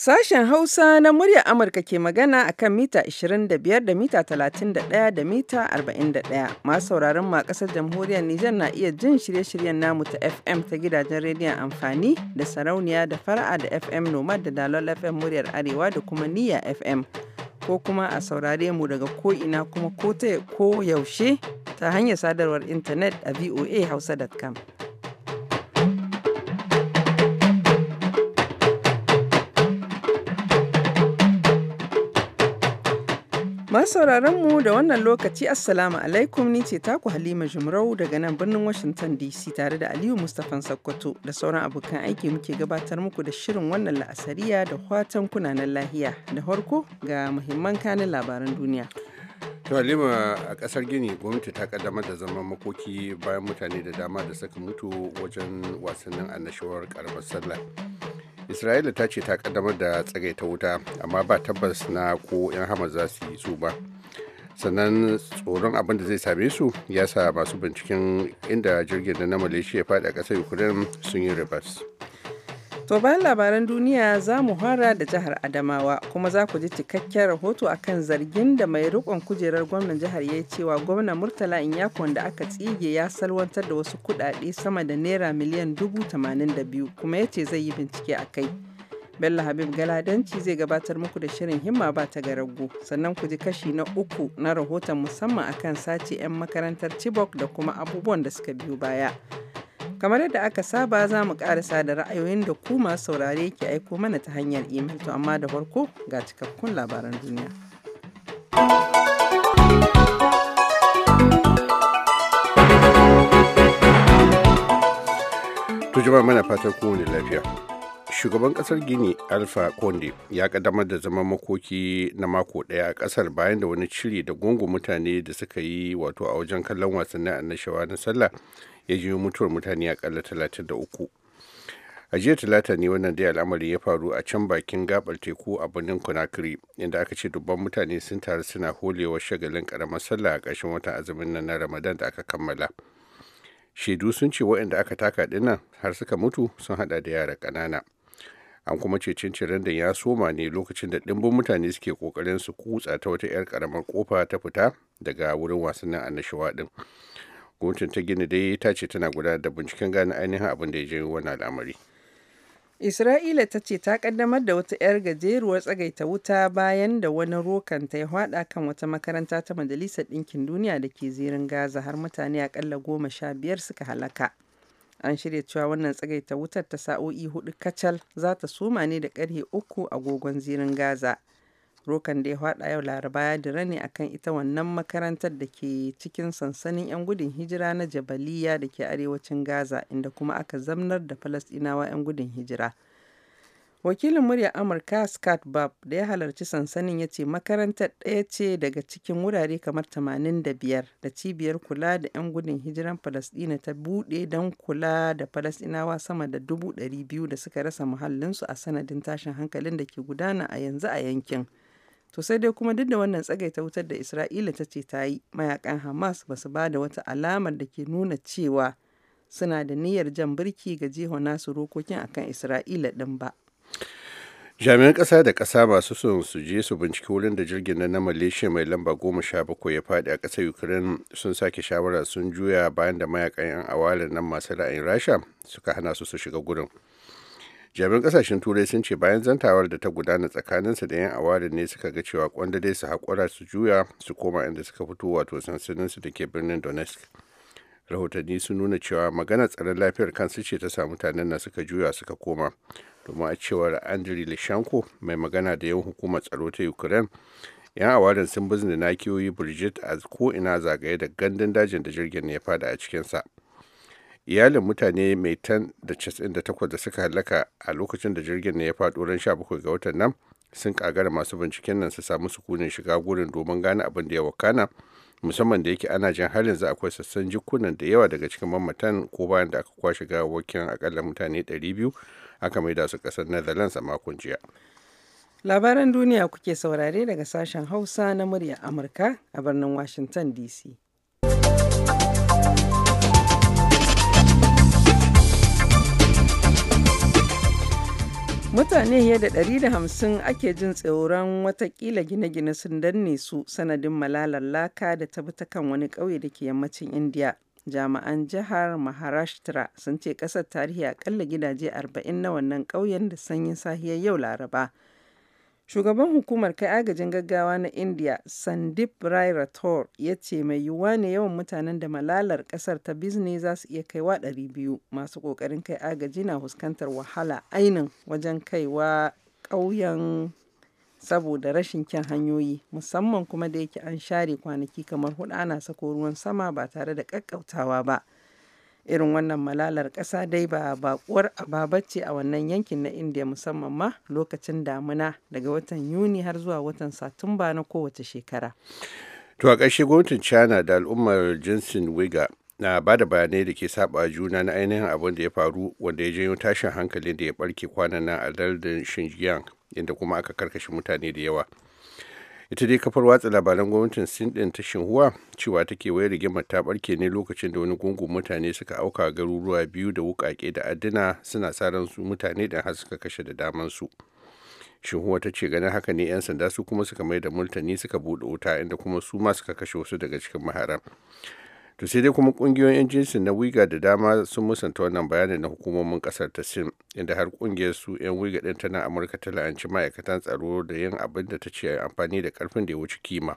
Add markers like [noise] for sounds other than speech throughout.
Sashen Hausa na muryar Amurka ke magana a kan mita 25 da mita 31 da mita 41. Masu sauraron ma ƙasar jamhuriyar Nijar na iya jin shirye-shiryen namu ta FM ta gidajen rediyon amfani da sarauniya da fara'a da FM Nomad da Dalol FM muryar Arewa da kuma Niyya FM. Ko kuma a saurare mu daga ko'ina kuma ko yaushe ta hanyar sadarwar intanet a voahausa.com. sauraron mu da wannan lokaci assalamu alaikum ni ce taku halima jumrau daga nan birnin washington dc tare da aliyu mustapha sakkwato da sauran abokan aiki muke gabatar muku da shirin wannan la'asariya da fatan kunanan lahiya da harko ga muhimman kanin labaran duniya to halima a kasar gini gwamnati ta kaddamar da zaman makoki bayan mutane da dama da suka mutu wajen wasannin annashuwar karbar sallah isra'ila ta ce ta kaddamar da tsagaita wuta amma ba tabbas na ko 'yan hamas za su yi su ba sannan tsoron abin da zai same su ya sa masu binciken inda jirgin da na malaysia ya faɗi a ƙasar ukraine sun yi ribas To bayan labaran duniya za mu fara da jihar Adamawa kuma za ku ji cikakken rahoto akan zargin da mai rikon kujerar gwamnan jihar ya cewa gwamnan Murtala Inyako da aka tsige ya salwantar da wasu kuɗaɗe sama da naira miliyan dubu tamanin da biyu kuma ya ce zai yi bincike a kai. Bello Habib Galadanci zai gabatar muku da shirin himma ba ta garago sannan ku ji kashi na uku na rahoton musamman akan sace 'yan makarantar Chibok da kuma abubuwan da suka biyo baya. Kamar yadda aka saba za mu karasa da ra'ayoyin da ku masu saurare ke aiko mana ta hanyar imel to amma da farko ga cikakkun labaran duniya. Tujuma mana fatan kowane lafiya. shugaban kasar gini alfa konde ya kaddamar da zaman makoki na mako daya a kasar bayan da wani shiri da gungun mutane da suka yi wato a wajen kallon wasannin annashawa na sallah ya jiyo mutuwar mutane a akalla 33 a jiya talata ne wannan dai al'amari ya faru a can bakin gabar teku a birnin conakry inda aka ce dubban mutane sun taru suna holewa shagalin karamar sallah a ƙarshen watan azumin nan na ramadan da aka kammala shaidu sun ce waɗanda aka taka dinnan har suka mutu sun hada da yara ƙanana an kuma ce cincirin da ya soma ne lokacin da dimbin mutane suke kokarin su kutsa ta wata 'yar karamar kofa ta fita daga wurin wasannin annashuwa din. gwamnatin ta gini dai ta ce tana gudanar da binciken gane ainihin abin da ya je wani al'amari isra'ila ta ce ta kaddamar da wata 'yar gajeruwar tsagaita wuta bayan da wani rokan ta ya hada kan wata makaranta ta majalisar ɗinkin duniya da ke zirin gaza har mutane akalla goma sha biyar suka halaka an shirya cewa wannan tsagaita wutar ta sa'o'i hudu kacal za ta suma ne da karhe uku agogon zirin gaza Rokan da ya faɗa yau Laraba ya dira ne akan ita wannan makarantar da ke cikin sansanin 'yan gudun hijira na Jabaliya da ke arewacin Gaza, inda kuma aka zamnar da Falasɗinawa 'yan gudun hijira. Wakilin muryar Amurka Scott Babb da ya halarci sansanin ya ce makarantar ɗaya ce daga cikin wurare kamar 85 da cibiyar kula da 'yan gudun hijiran Falasɗina ta buɗe don kula da Falasɗinawa sama da 200,000 da suka rasa muhallinsu a sanadin tashin hankalin da ke gudana a yanzu a yankin. To sai dai kuma duk da wannan tsagaita wutar da Isra'ila ta ce ta yi, mayakan Hamas ba su ba da wata alamar da ke nuna cewa suna da niyyar jan birki ga jiho nasu rokokin akan Isra'ila din ba. jami'an ƙasa da ƙasa masu son su je su binciki wurin da jirgin na malaysia mai lamba goma sha bakwai ya faɗi a ƙasar ukraine sun sake shawara sun juya bayan da mayakan 'yan awalin nan masu ra'ayin rasha suka hana su su shiga gurin jami'an kasashen turai sun ce bayan zantawar da ta gudana tsakaninsa da yan awari ne suka ga cewa kwanda dai su haƙura su juya su koma inda suka fito wato sansaninsu da ke birnin donetsk rahotanni sun nuna cewa magana tsaron lafiyar kansu ce ta sa mutanen na suka juya suka koma domin a cewar andriy lishanko mai magana da yan hukumar tsaro ta ukraine yan awarin sun bizne nakiyoyi birgit a ko ina zagaye da gandun dajin da jirgin ya fada a cikinsa iyalin mutane mai tan da casin da takwas da suka halaka a lokacin da jirgin ne ya faɗo ran 17 ga watan nan sun kagara masu binciken nan su samu sukunin shiga gurin domin gane abin da ya wakana musamman da yake ana jin halin za akwai sassan jikunan da yawa daga cikin mamatan ko bayan da aka kwashe gawakin akalla mutane 200 aka mai da su kasar netherlands a makon jiya labaran duniya kuke saurare daga sashen hausa na murya amurka a birnin washington dc Mutane fiye da 150 ake jin tsoron watakila gine-gine sun danne su sanadin malalar laka da ta bi ta kan wani ƙauye da ke yammacin india Jami'an jihar Maharashtra sun ce ƙasar tarihi akalla gidaje 40 na wannan ƙauyen da sanyin sahiyar yau Laraba. Shugaban Hukumar Kai Agajin Gaggawa na india Sandeep Rai Rathore, ya ce mai yiwuwa ne yawan mutanen da malalar kasar ta bizne za su iya kaiwa 200. Masu ƙoƙarin kai agaji na fuskantar wahala ainin wajen kaiwa ƙauyen saboda rashin kyan hanyoyi, musamman kuma da yake an share kwanaki kamar hudu ana sako ruwan sama ba tare da ƙaƙƙautawa ba. irin wannan malalar ƙasa dai ba bakuwar ababacce ce a wannan yankin na indiya musamman ma lokacin damuna daga watan yuni har zuwa watan satumba na kowace shekara to a ƙarshe gwamnatin china da al'ummar jinsin wiga na ba da bayanai da ke saba juna na ainihin abin da ya faru wanda ya janyo tashin hankalin da ya barke kwanan nan a lardin shinjiang inda kuma aka karkashe mutane da yawa ita dai kafar watsa labaran gwamnatin sin din ta shinhua cewa take wai rigimar ta barke ne lokacin da wani gungun mutane suka auka garuruwa biyu da wukake da adduna suna ran su mutane da har suka kashe da daman su shinhua ta ce ganin haka ne yan sanda su kuma suka mai da multani suka buɗe wuta inda kuma su ma suka kashe wasu daga cikin maharan to sai dai kuma kungiyoyin 'yan jinsin na wiga da dama sun musanta wannan bayanin na hukumomin kasar ta sin inda har kungiyar su 'yan wiga din tana amurka ta la'anci ma'aikatan tsaro da yin abin da ta ce amfani da karfin da ya wuce kima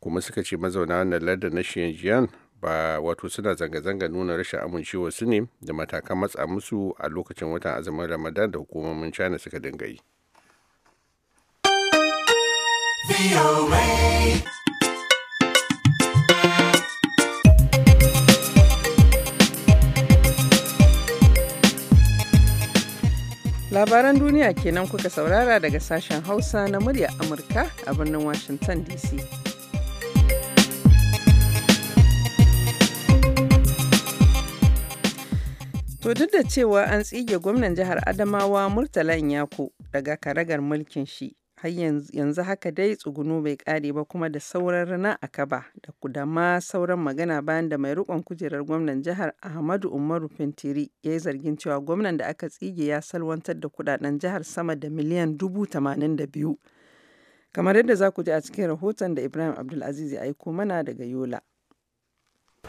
kuma suka ce mazauna wannan lardin na shiyan ba wato suna zanga-zanga nuna rashin amincewa su ne da matakan matsa musu a lokacin watan azumin ramadan da hukumomin china suka dinga yi. Labaran duniya kenan kuka saurara daga sashen Hausa na murya Amurka a birnin Washington DC. To duk da cewa an tsige gwamnan jihar Adamawa Murtala Nyako daga karagar mulkin shi, har yanzu haka dai tsugunu bai kare ba kuma da sauran rana aka ba da kudama sauran magana bayan da mai rikon kujerar gwamnan jihar ahmadu umaru fintiri ya zargin cewa gwamnan da aka tsige ya salwantar da kudaden jihar sama da miliyan dubu tamanin da biyu kamar yadda za ku ji a cikin rahoton da ibrahim abdulaziz ya aiko mana daga yola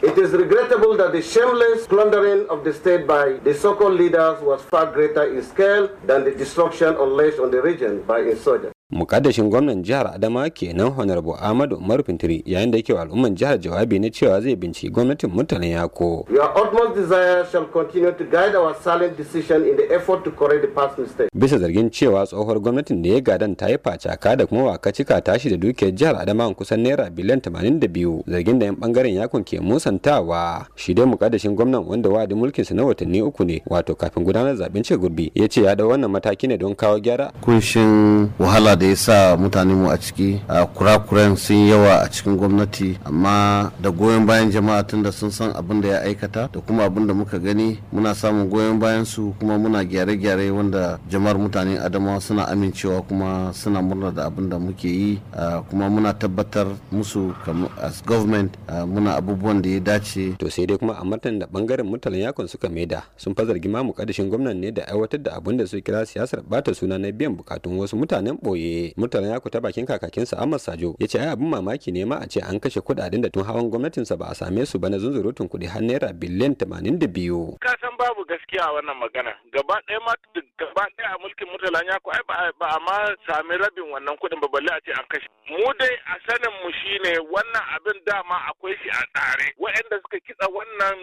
It is regrettable that the shameless plundering of the state by the so-called leaders was far greater in scale than the destruction unleashed on the region by insurgents. mukaddashin gwamnan jihar adama ke kenan honorable ahmadu umar fintiri yayin da yake wa al'umman jihar jawabi na cewa zai binciki gwamnatin mutanen yako your desire shall continue to guide our silent decision in the effort to correct the bisa zargin cewa tsohuwar gwamnatin da ya gadan ta yi facaka da kuma waka cika tashi da dukiyar jihar adama kusan naira biliyan 82 zargin da yan bangaren yakon ke musantawa shi dai mukaddashin gwamnan wanda wadi mulkin sa na watanni uku ne wato kafin gudanar zaben ce ya ce ya dau wannan mataki ne don kawo gyara kunshin wahala da ya sa mutane mu a ciki a kurakuren sun yawa a cikin gwamnati amma da goyon bayan jama'a tunda sun san abin da ya aikata da kuma abin da muka gani muna samun goyon bayan su kuma muna gyare-gyare wanda jama'ar mutane adamawa suna amincewa kuma suna murna da abin da muke yi kuma muna tabbatar musu as government muna abubuwan da ya dace to sai dai kuma a martanin da bangaren mutalan yakon suka maida sun fa zargi ma mukaddashin gwamnan ne da aiwatar da abin da su kira siyasar bata suna na biyan bukatun wasu mutanen boye zaɓe mutane ya ta bakin kakakinsa Ahmad Sajo ya ce ai abin mamaki ne ma a ce an kashe kudaden da tun hawan sa ba a same su ba na zunzurutun kuɗi har naira biliyan tamanin da biyu. Ka san babu gaskiya a wannan magana gaba ɗaya ma gaba ɗaya a mulkin mutala yaku ku ai ba a ma sami rabin wannan kuɗin ba balle a ce an kashe. Mu dai a sanin mu shine wannan abin dama akwai shi a tsare waɗanda suka kitsa wannan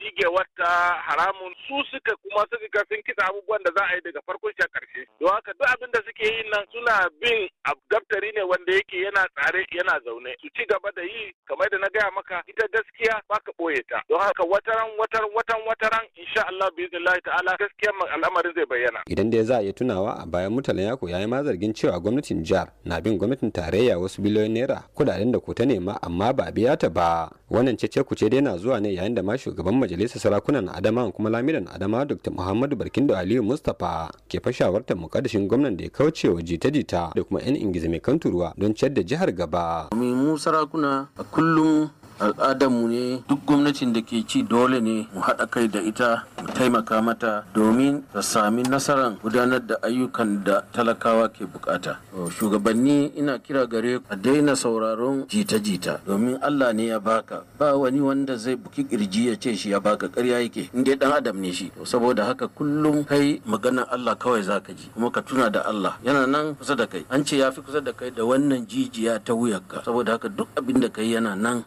dige wata haramun su suka kuma suka sun kitsa abubuwan da za a yi daga farkon shi a ƙarshe. Don haka duk abin da suke yi nan suna bin daftari ne wanda yake yana tsare yana zaune su ci gaba da yi kamar da na gaya maka ita gaskiya baka boye ta don haka wataran wataran watan wataran insha Allah biiznillahi ta'ala gaskiya al'amarin zai bayyana idan dai za a iya tunawa a bayan mutane yako yayi ma zargin cewa gwamnatin jihar na bin gwamnatin tarayya wasu biliyoyin naira kudaden da ko ta nema amma ba biya ta ba wannan cece ce dai na zuwa ne yayin da ma shugaban majalisar sarakunan adama kuma lamiran adama dr muhammadu barkindo aliyu mustapha ke fashawar fashawartar mukaddashin gwamnan da ya kauce wa jita-jita da kuma yan ingiza mai kanturuwa don ciyar da jihar gaba mu sarakuna a kullum al'adarmu ne duk gwamnatin da ke ci dole ne mu haɗa kai da ita mu taimaka mata domin ta sami nasarar gudanar da ayyukan da talakawa ke bukata shugabanni ina kira gare a daina sauraron jita-jita domin allah ne ya baka ba wani wanda zai buki kirji ya ce shi ya baka karya yake in dai dan adam ne shi saboda haka kullum kai magana allah kawai zaka ji kuma ka tuna da allah yana nan kusa da kai an ce ya fi kusa da kai da wannan jijiya ta wuyarka saboda haka duk abin da kai yana nan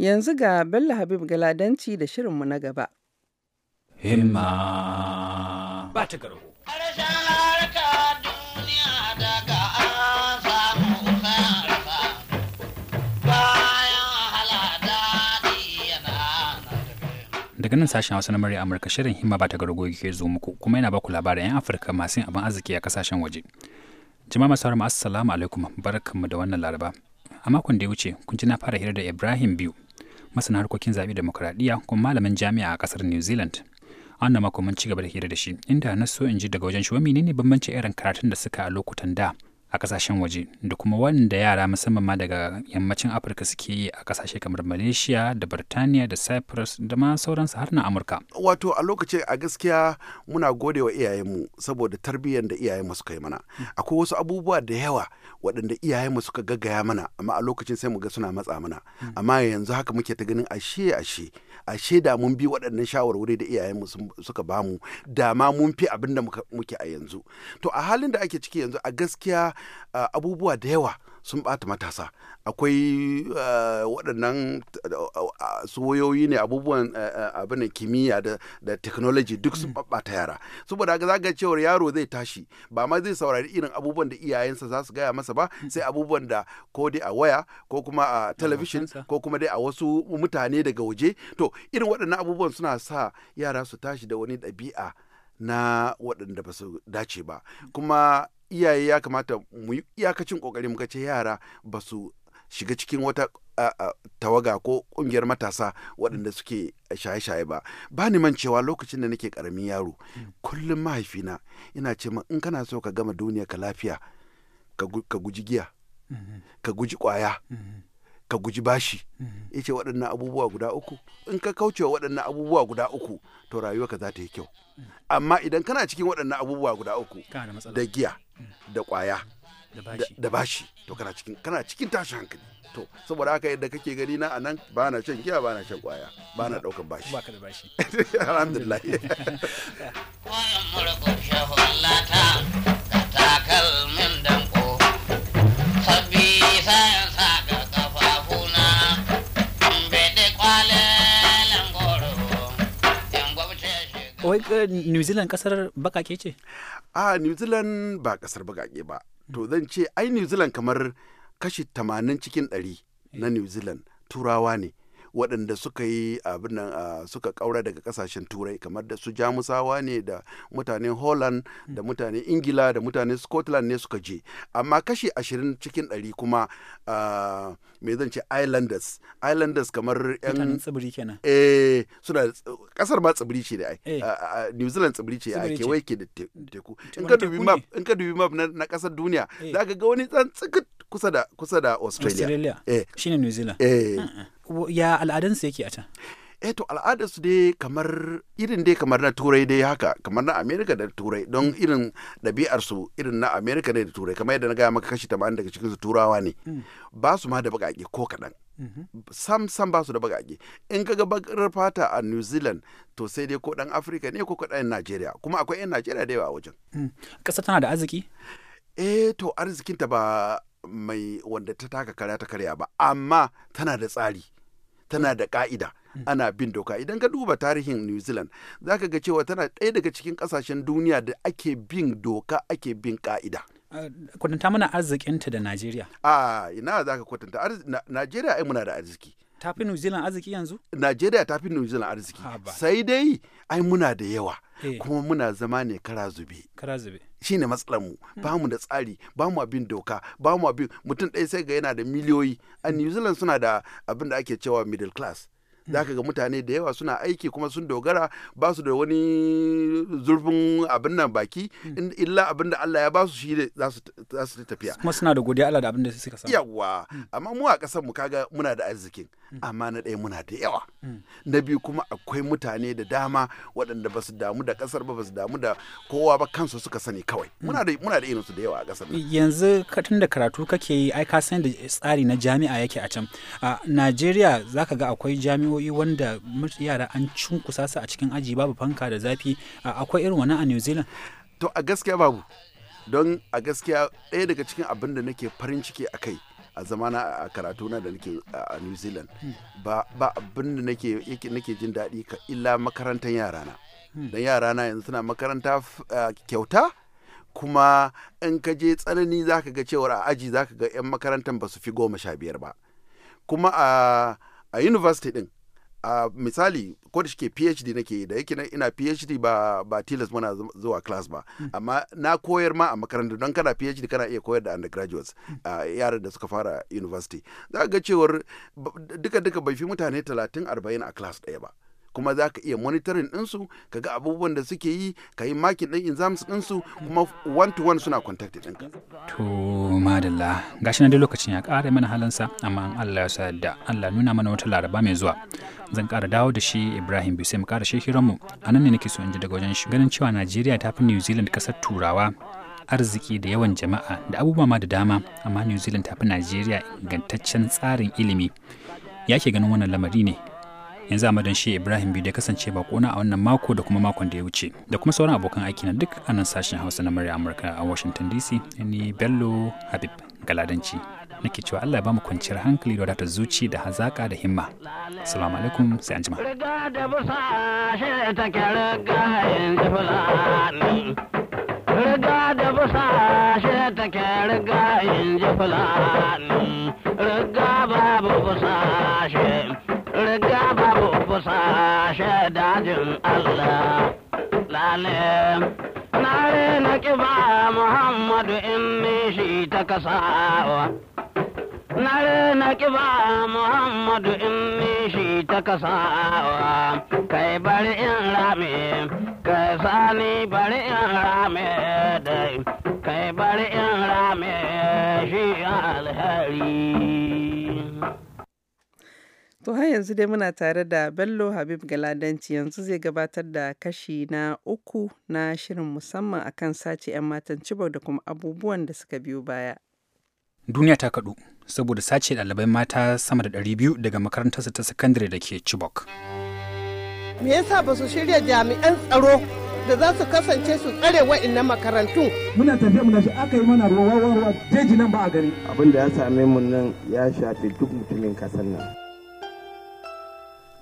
Yanzu ga Bello Habib Galadanci da shirinmu na gaba. Himma ba ta garo. daga nan sashen hausa na murya amurka shirin himma ba ta gargoyi ke zo muku kuma yana baku labarin 'yan afirka masu yin abin arziki a kasashen waje jama'a masu haramu assalamu alaikum barkanmu da wannan laraba a makon da ya wuce kun ji na fara hira da ibrahim biyu masana harkokin zaɓe demokuraɗiyya kuma malamin jami'a a kasar new zealand an mako mun ci gaba da hira da shi inda na so in ji daga wajen shi wa menene bambancin irin karatun da suka a lokutan da a kasashen waje da kuma wanda yara musamman ma daga yammacin afirka suke yi a kasashe kamar malaysia da birtaniya da cyprus da ma sauransu har na amurka wato a lokaci a gaskiya muna gode wa iyayenmu saboda tarbiyyar da iyayenmu suka yi mana akwai wasu abubuwa da yawa waɗanda iyayenmu suka gaggaya mana amma a lokacin sai mu ga suna matsa mana amma yanzu haka muke ta ganin ashe ashe ashe da mun bi waɗannan shawarwari da iyayenmu suka bamu da ma mun fi abin da muke a yanzu to a halin da ake ciki yanzu a gaskiya Ah, abubuwa da yawa sun bata matasa akwai ah, waɗannan ah, soyoyi ne abubuwan eh, eh, abin kimiyya da technology duk sun mm. ɓaɓɓata yara saboda ga zaka cewar yaro zai tashi ba ma zai saurari irin abubuwan da iyayensa za su gaya masa ba mm. sai abubuwan da ko dai a waya ko kuma a television ko kuma dai a wasu mutane daga waje to irin waɗannan abubuwan suna sa yara su tashi da wani ɗabi'a na waɗanda ba su dace ba mm. kuma iyaye ya kamata mu yi iyakacin kokari muka ce yara ba su shiga cikin wata tawaga ko kungiyar matasa waɗanda suke shaye-shaye ba ba ni man cewa lokacin da nake karamin yaro kullum mahaifina ina ce ma in kana so ka gama duniya ka lafiya ka guji giya ka guji kwaya ka guji bashi ya ce waɗannan abubuwa guda uku in ka kauce waɗannan abubuwa guda uku to rayuwarka za ta yi kyau amma idan kana cikin waɗannan abubuwa guda uku da giya da kwaya da bashi to kana cikin kana cikin tashin hankali to saboda haka yadda kake gani na anan ba na shan giya ba na shan kwaya ba na daukan bashi ba ka da bashi [laughs] alhamdulillah [laughs] [laughs] wai eh, new zealand kasar bakake ce a new zealand ba kasar bakake ba to zan ce ai new zealand kamar kashi tamanin cikin 100 na eh. new zealand turawa ne waɗanda suka yi abin nan ah, suka ƙaura daga ƙasashen turai kamar da su jamusawa ne da mutanen holland mm. da mutanen ingila da mutanen scotland ne suka je amma kashi ashirin cikin ɗari kuma ah, me zan ce islanders islanders kamar yan tsibiri kenan eh suna kasar ma tsibiri ce da ai eh. ah, new zealand tsibiri ce a kewaye ke da teku in ka dubi map in ka dubi map na kasar duniya eh. za ka ga wani tsan tsikit kusa da kusa da australia eh shine new zealand eh ya al'adansu yake a can eh to al'adarsu dai kamar irin dai kamar na turai dai haka kamar na amerika da turai don irin ɗabi'arsu irin na amerika ne da turai kamar yadda na gaya maka kashi tamanin daga cikinsu turawa ne mm. ba su ma da bagage ko kaɗan mm-hmm. sam sam ba su da bagage in kaga bakar fata a new zealand to sai dai ko ɗan afirka ne ko kaɗan najeriya kuma akwai 'yan najeriya da yawa a wajen mm. ƙasa tana da arziki eh to arzikinta ba mai wanda ta taka karya ta karya ba amma tana da tsari tana da ka'ida mm. ana bin doka idan ka duba tarihin new zealand za ka ga cewa tana ɗaya daga cikin ƙasashen duniya da ake bin doka ake bin ka'ida kwatanta mana arzikinta da najeriya a ina za ka kwatanta najeriya ai muna da arziki ta New Zealand arziki yanzu? Najeriya ta fi New Zealand arziki. Sai dai ai muna da yawa. Eh. Kuma muna zama ne kara zube. Kara zube. Shi ne matsalar Ba mu hmm. da tsari, ba mu abin doka, ba mu abin mutum ɗaya sai ga yana da miliyoyi. A New Zealand suna da abin da ake cewa middle class. za ka ga mutane da yawa suna aiki kuma sun dogara ba su da wani zurfin abin nan baki mm. illa abin da Allah ya ba su shi za su tafiya kuma suna da godiya Allah da abin da suka samu yawa mm. amma mu a kasar mu kaga muna da arzikin mm. amma na ɗaya muna da yawa na biyu kuma akwai mutane da dama waɗanda ba su damu da kasar ba ba su damu da kowa ba kansu suka sani kawai muna da muna da irin su da yawa a kasar yanzu katun da karatu kake yi ai ka san da tsari na jami'a yake a can a Najeriya zaka ga akwai jami'a. hanyoyi wanda yara an cunkusa su a cikin aji babu fanka da zafi akwai irin wani a new zealand to a gaskiya babu don a gaskiya ɗaya daga cikin abin da nake farin ciki a kai a zamana a karatu na da nake a new zealand hmm. ba abin da nake jin daɗi ka illa makarantar yarana hmm. don yarana yanzu suna makaranta kyauta kuma in ka je tsanani za ka ga cewar a aji za ka ga 'yan makarantar ba su fi goma sha biyar ba kuma a university din a misali ko da shike phd nake da yake ina phd ba ba tilas muna zuwa class ba mm. amma na koyar ma a makaranta don kana phd kana iya koyar da undergraduates mm. a yaran da suka fara university za ga cewar duka duka bai fi mutane 30 40 a class ɗaya ba kuma za ka iya monitoring ɗinsu ka ga abubuwan da suke yi ka yi makin ɗin exams ɗinsu kuma one to one suna contact ɗinka. to madalla gashi na dai lokacin ya ƙara mana halinsa amma an allah ya sa da allah nuna mana wata laraba mai zuwa zan ƙara dawo da shi ibrahim bisa mu ƙara shi mu a nan ne nake so in ji daga wajen shi ganin cewa najeriya ta fi new zealand ƙasar turawa arziki da yawan jama'a da abubuwa ma da dama amma new zealand ta fi najeriya ingantaccen tsarin ilimi ya ke ganin wannan lamari ne yanzu a madan shi ibrahim biyu ya kasance bakona a wannan mako da kuma makon da ya wuce da kuma sauran abokan aiki na duk anan sashen hausa na murya amurka a washington dc ni bello habib galadanci nake cewa allah ya bamu kwanciyar hankali da wadatar zuci da hazaka da himma assalamu alaikum sai an jima riga musa shaidajin Allah lalim na na kiba Muhammadu in shi ta kasawa. Na na kiba Muhammadu in shi ta kasawa, kai bari in rame, kai sani bari in rame dai, kai bari in rame shi alheri. To har yanzu dai muna tare da Bello Habib Galadanci yanzu zai gabatar da kashi na uku na shirin musamman a kan sace 'yan matan Chibok da kuma abubuwan da suka biyo baya. Duniya ta kaɗu saboda sace ɗalibai mata sama da 200 daga makarantarsa ta sakandare da ke Chibok. Me yasa ba su shirya jami'an tsaro da za su kasance su tsare wa'annan makarantun. Muna tafiya muna shi aka yi mana ruwa ruwa jeji nan ba a gani. Abin da ya same mu nan ya shafi duk mutumin kasar nan.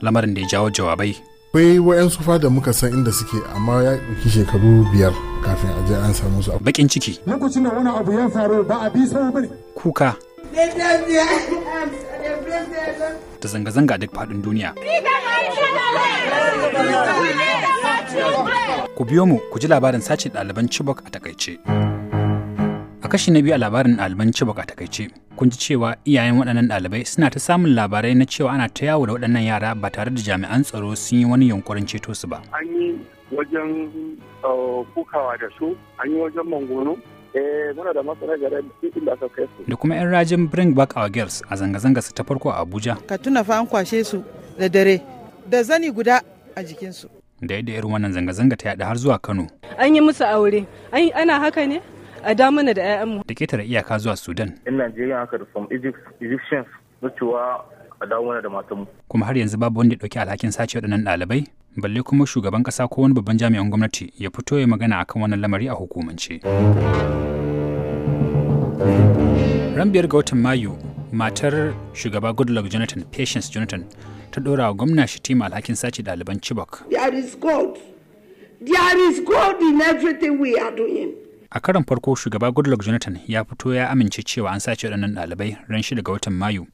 lamarin da ya jawo jawabai akwai wa'yansu da muka san inda suke amma ya ɗauki shekaru biyar kafin a je an samu su bakin ciki lokacin da wani abu ya faru ba a bi sau bane kuka da zanga-zanga duk faɗin duniya ku biyo mu ku ji labarin sace ɗaliban chibok a takaice. A kashi na biyu a labarin ɗaliban Chibok a takaice, kun ji cewa iyayen waɗannan ɗalibai suna ta samun labarai na cewa ana ta yawo da waɗannan yara ba tare da jami'an tsaro sun yi wani yunkurin ceto su ba. An yi wajen uh, kukawa da su, an yi wajen mangono, eh, muna da masana gare titin da aka kai su. Da kuma 'yan rajin Bring Back Our Girls a zanga-zanga su ta farko a Abuja. Ka tuna fa an kwashe su da dare da zani guda a jikinsu. Da yadda irin wannan zanga-zanga ta yaɗa har zuwa Kano. An yi musu aure, ana haka ne? a damana da 'ya'yanmu. Da ketare iyaka zuwa Sudan. In Najeriya haka da from Egypt, Egyptians, mutuwa cewa a dawo da matanmu. Kuma har yanzu babu wanda ya ɗauki alhakin sace waɗannan ɗalibai? Balle kuma shugaban ƙasa ko wani babban jami'an gwamnati ya fito ya magana kan wannan lamari a hukumance. Ran biyar ga watan Mayu, matar shugaba Goodluck Jonathan, Patience Jonathan, ta ɗora wa gwamna tima alhakin sace ɗaliban Chibok. There is God. There is God in everything we are doing. a karon farko shugaba goodluck jonathan ya fito ya amince cewa an sace waɗannan ɗalibai ran shi daga watan mayu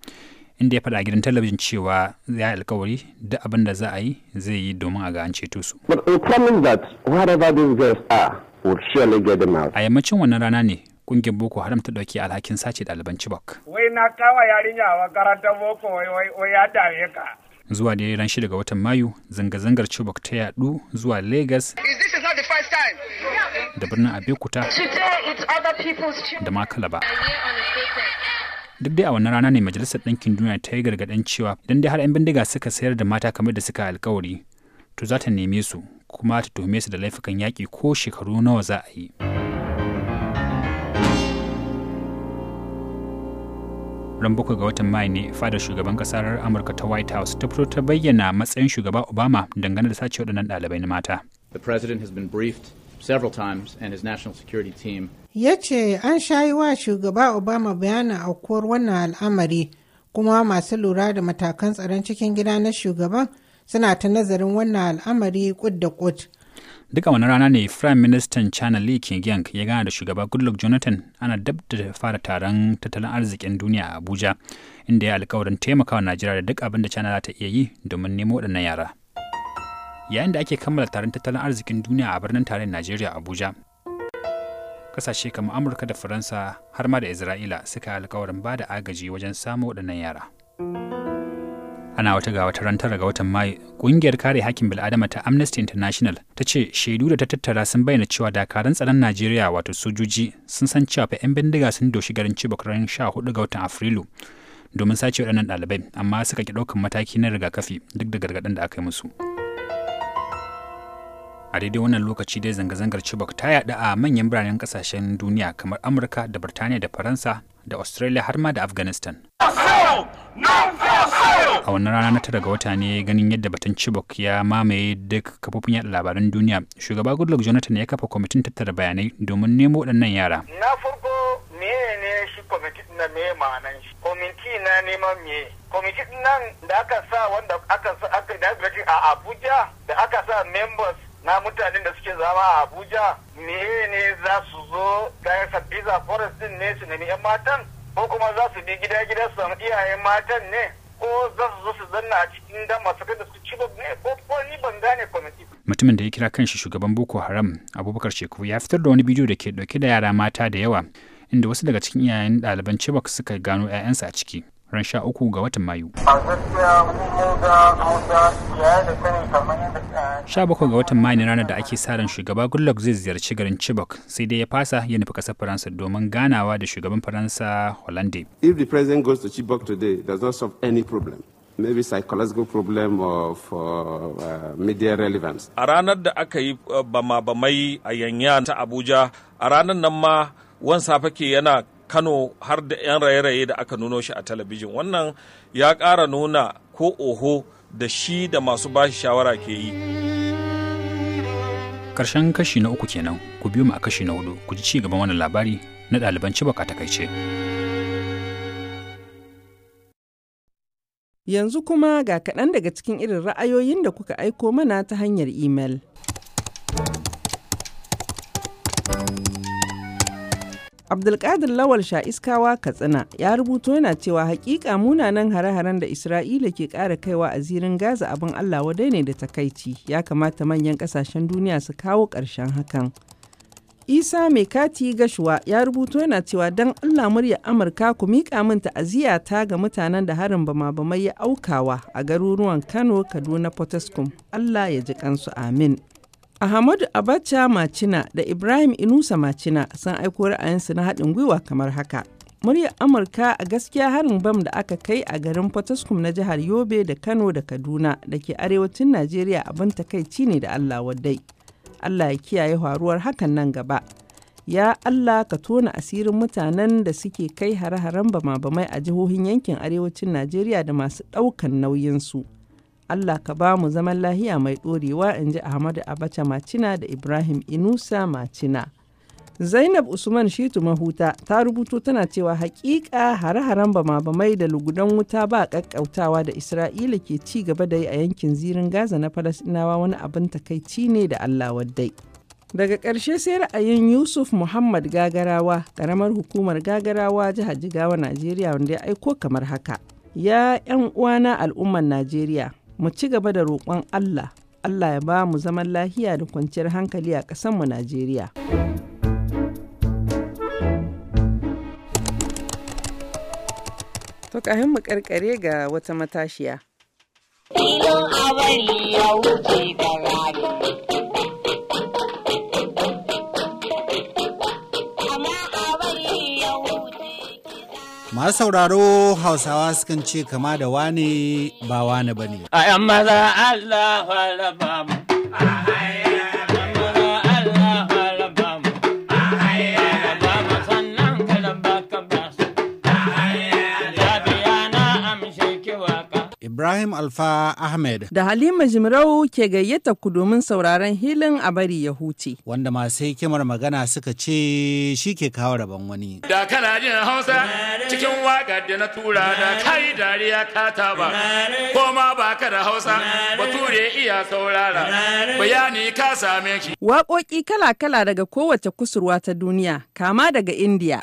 inda ya faɗa gidan talabijin cewa ya yi alkawari duk abin da za a yi zai yi domin a ga an ceto su. A yammacin wannan rana ne kungiyar Boko Haram ta ɗauki alhakin sace ɗaliban Chibok. Wai na kama yarinya a makarantar Boko wai ya dame ka. zuwa da ran shida ga watan mayu zanga-zangar chibok ta yadu zuwa lagos da birnin abekuta da ma kalaba duk dai a wannan rana ne majalisar ɗinkin duniya ta yi gargaɗin cewa idan dai har 'yan bindiga suka sayar da mata kamar da suka alkawari to za ta neme su kuma ta tuhume su da laifukan yaƙi ko shekaru nawa za a yi. ran bakwai ga watan mai ne fadar shugaban kasar amurka ta white house ta fito ta bayyana matsayin shugaba obama dangane da sace waɗannan ɗalibai na mata the president has been briefed several times and his national security team ya ce an shayi wa shugaba obama bayanin aukuwar wannan al'amari kuma masu lura da matakan tsaron cikin gida na shugaban suna ta nazarin wannan al'amari kud da kud duka wani rana ne prime ministan china lee kyeng ya gana da shugaba goodluck jonathan ana dab da fara taron tattalin arzikin duniya a abuja inda ya alkawarin taimakawa najeriya da duk abin da china za ta iya yi domin nemo waɗannan yara yayin da ake kammala taron tattalin arzikin duniya a birnin tarayyar najeriya abuja kasashe kamar amurka da faransa har ma da isra'ila suka yi alkawarin ba da agaji wajen samun waɗannan yara ana wata ga wata ran ga watan mayu kungiyar kare hakkin bil'adama ta amnesty international ta ce shaidu da ta tattara sun bayyana cewa dakaran tsaron najeriya wato sojoji sun san cewa fa 'yan bindiga sun doshi garin chibok ran hudu ga watan afrilu domin sace waɗannan ɗalibai amma suka ki ɗaukan mataki na rigakafi duk da gargaɗin da aka yi musu a daidai wannan lokaci dai zanga-zangar chibok ta yaɗu a manyan biranen kasashen duniya kamar amurka da birtaniya da faransa da Australia har ma da Afghanistan. A wannan rana na tara ga wata ne ganin yadda batun Chibok ya mamaye duk kafofin yada labaran duniya. Shugaba Goodluck Jonathan ya kafa kwamitin tattara bayanai domin nemo waɗannan yara. Na farko ne shi kwamitin na me ma'anan shi? Kwamiti na neman me? Kwamitin nan da aka sa wanda aka sa aka da a Abuja da aka sa members na mutanen da suke zama a abuja meye ne za su zo daga sabbiza forest din ne su nemi yan matan ko kuma za su bi gida gida su samu iyayen matan ne ko za su zo su zanna a cikin dama su da su ci ne ko ko ni ban gane kwamiti. mutumin da ya kira kanshi shugaban boko haram abubakar sheku ya fitar da wani bidiyo da ke dauke da yara mata da yawa inda wasu daga cikin iyayen ɗaliban cibok suka gano 'ya'yansa a ciki. ran sha uku ga watan mayu eh, sha bakwai ga watan mayu ranar da ake sa shugaba goodluck zai ziyarci garin chibok sai dai ya fasa ya nufi kasar faransa domin ganawa da shugaban faransa hollande if the president goes to chibok today does not solve any problem maybe psychological problem of uh, uh media relevance. A ranar da aka yi uh, bama-bamai a Yanyan ta Abuja, a ranar nan ma wan safa ke yana kano har da 'yan raye-raye da aka nuno shi a talabijin wannan ya ƙara nuna ko oho da shi da masu bashi shawara ke yi ƙarshen kashi na uku kenan ku biyu mu a kashi na hudu ku ji ci gaban wannan labari na ɗaliban cibok takaice yanzu kuma ga kaɗan daga cikin irin ra'ayoyin da kuka aiko mana ta hanyar imel. Abdulkadir Lawal sha iskawa Katsina ya rubuto yana cewa hakika munanan hare-haren da Isra'ila ke ƙara kaiwa a zirin Gaza abin Allah wadai ne da takaici ya kamata manyan ƙasashen duniya su kawo ƙarshen hakan. Isa mai kati gashuwa ya rubuto yana cewa don Allah murya Amurka ku miƙa min ta'aziyya ta ga mutanen da harin bama-bamai ya aukawa a garuruwan Kano, Kaduna, Potoskum. Allah ya ji kansu amin. Ahmadu Abacha Macina da Ibrahim Inusa Macina sun aiko ra'ayinsu na haɗin gwiwa kamar haka. Muryar Amurka a gaskiya harin bam da aka kai a garin Potoskum na jihar Yobe da Kano da Kaduna da ke arewacin Najeriya abin takaici ne da Allah waddai. Allah ya kiyaye faruwar hakan nan gaba. Ya Allah ka tona asirin mutanen da suke kai hare-haren bama-bamai a jihohin yankin arewacin Najeriya da masu ɗaukan nauyinsu. Allah ka ba mu zaman lahiya mai ɗorewa in ji Ahmadu Abacha Macina da Ibrahim Inusa Macina. Zainab Usman Shitu Mahuta ta rubuto tana cewa haƙiƙa hare-haren bama-bamai da lugudan wuta ba ƙaƙƙautawa da Isra'ila ke ci gaba da yi a yankin zirin Gaza na Falasɗinawa wani abin takaici ne da Allah waddai. Daga ƙarshe sai ra'ayin Yusuf Muhammad Gagarawa, ƙaramar hukumar Gagarawa jihar Jigawa Najeriya wanda ya aiko kamar haka. Ya 'yan uwana al'ummar Najeriya, mu ci gaba da roƙon Allah, Allah ya ba mu zaman lahiya da kwanciyar hankali a ƙasanmu Najeriya. To kahin mu karkare ga wata matashiya. Ilo a ya wuce da rani. Masu sauraro Hausawa sukan ce kama da wane ba wane ba ne. A ‘yan maza Allah Ibrahim Alfa Ahmed. Da Halima Jimrau ke gayyata ku domin sauraron hilin a bari ya huce. Wanda masu hikimar magana suka ce shi ke kawo rabon wani. Da kana jin Hausa cikin waƙa da na tura da kai dariya ka taba. Ko ma ba ka da Hausa bature iya saurara. Bayani ka same shi. Waƙoƙi kala-kala daga kowace kusurwa ta duniya kama daga Indiya.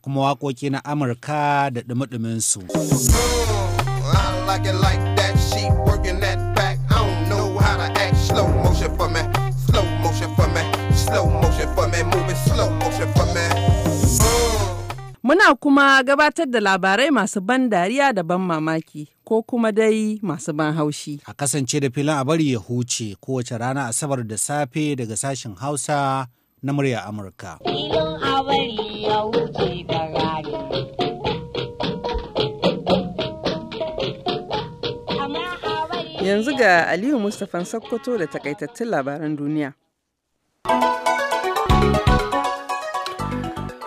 kuma wakoki na Amurka da ɗumi su. Oh, oh. Muna kuma gabatar da labarai masu ban dariya da ban mamaki ko kuma dai masu ban haushi. A kasance da filin a bari ya huce kowace rana Asabar da safe daga sashen Hausa na murya Amurka. Filin a bari Yanzu ga Aliyu Mustapha Sokoto da takaitattun labaran duniya.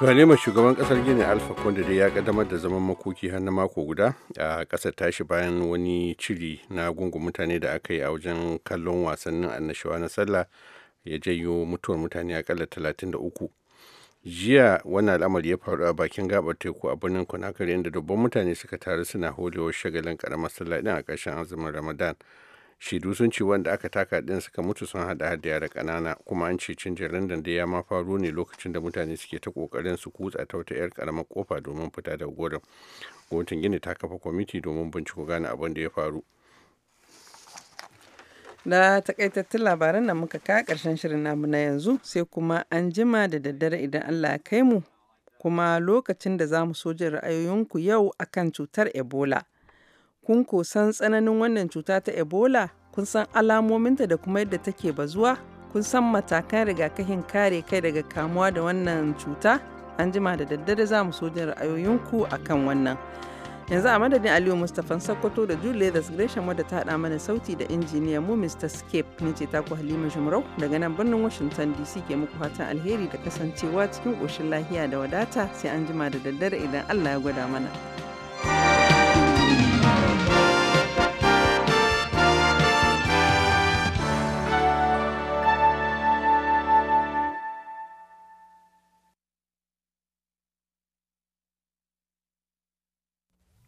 mai shugaban kasar Gini Alfa Conde dai ya kaddamar da zaman makoki har na mako guda a kasar tashi bayan wani ciri na gungun mutane da aka yi a wajen kallon wasannin annashawa na sallah ya janyo mutuwar mutane akalla 33. jiya wannan al'amari ya faru a bakin gabar teku a birnin conakry inda dubban mutane suka taru suna holewa shagalin karamar sallah din a ƙarshen azumin ramadan shaidu sun ci wanda aka taka din suka mutu sun hada hada yara kanana kuma an ce cin jarandan da ya ma faru ne lokacin da mutane suke ta kokarin su kutsa ta wata yar karamar kofa domin fita da gurin gwamnatin gini ta kafa kwamiti domin binciko gane abin da ya faru Da takaitattun labaran nan muka ka karshen shirin namu na yanzu sai kuma an jima da daddare idan Allah ya kai mu kuma lokacin da za mu so jin ra'ayoyinku yau akan cutar Ebola. Kun san tsananin wannan cuta ta Ebola, kun san alamominta da kuma yadda take bazuwa, kun san matakan rigakafin kare kai daga kamuwa da wannan cuta, an jima da daddare za mu so jin ra'ayoyinku akan wannan. yanzu a madadin aliyu mustapha sokoto da julie the gresham wadda ta haɗa mana sauti da injiniya mu mr scape ne ce taku halima jumrau daga nan birnin washington dc ke muku fatan alheri da kasancewa cikin ƙoshin lahiya da wadata sai an jima da daddare idan allah ya gwada mana.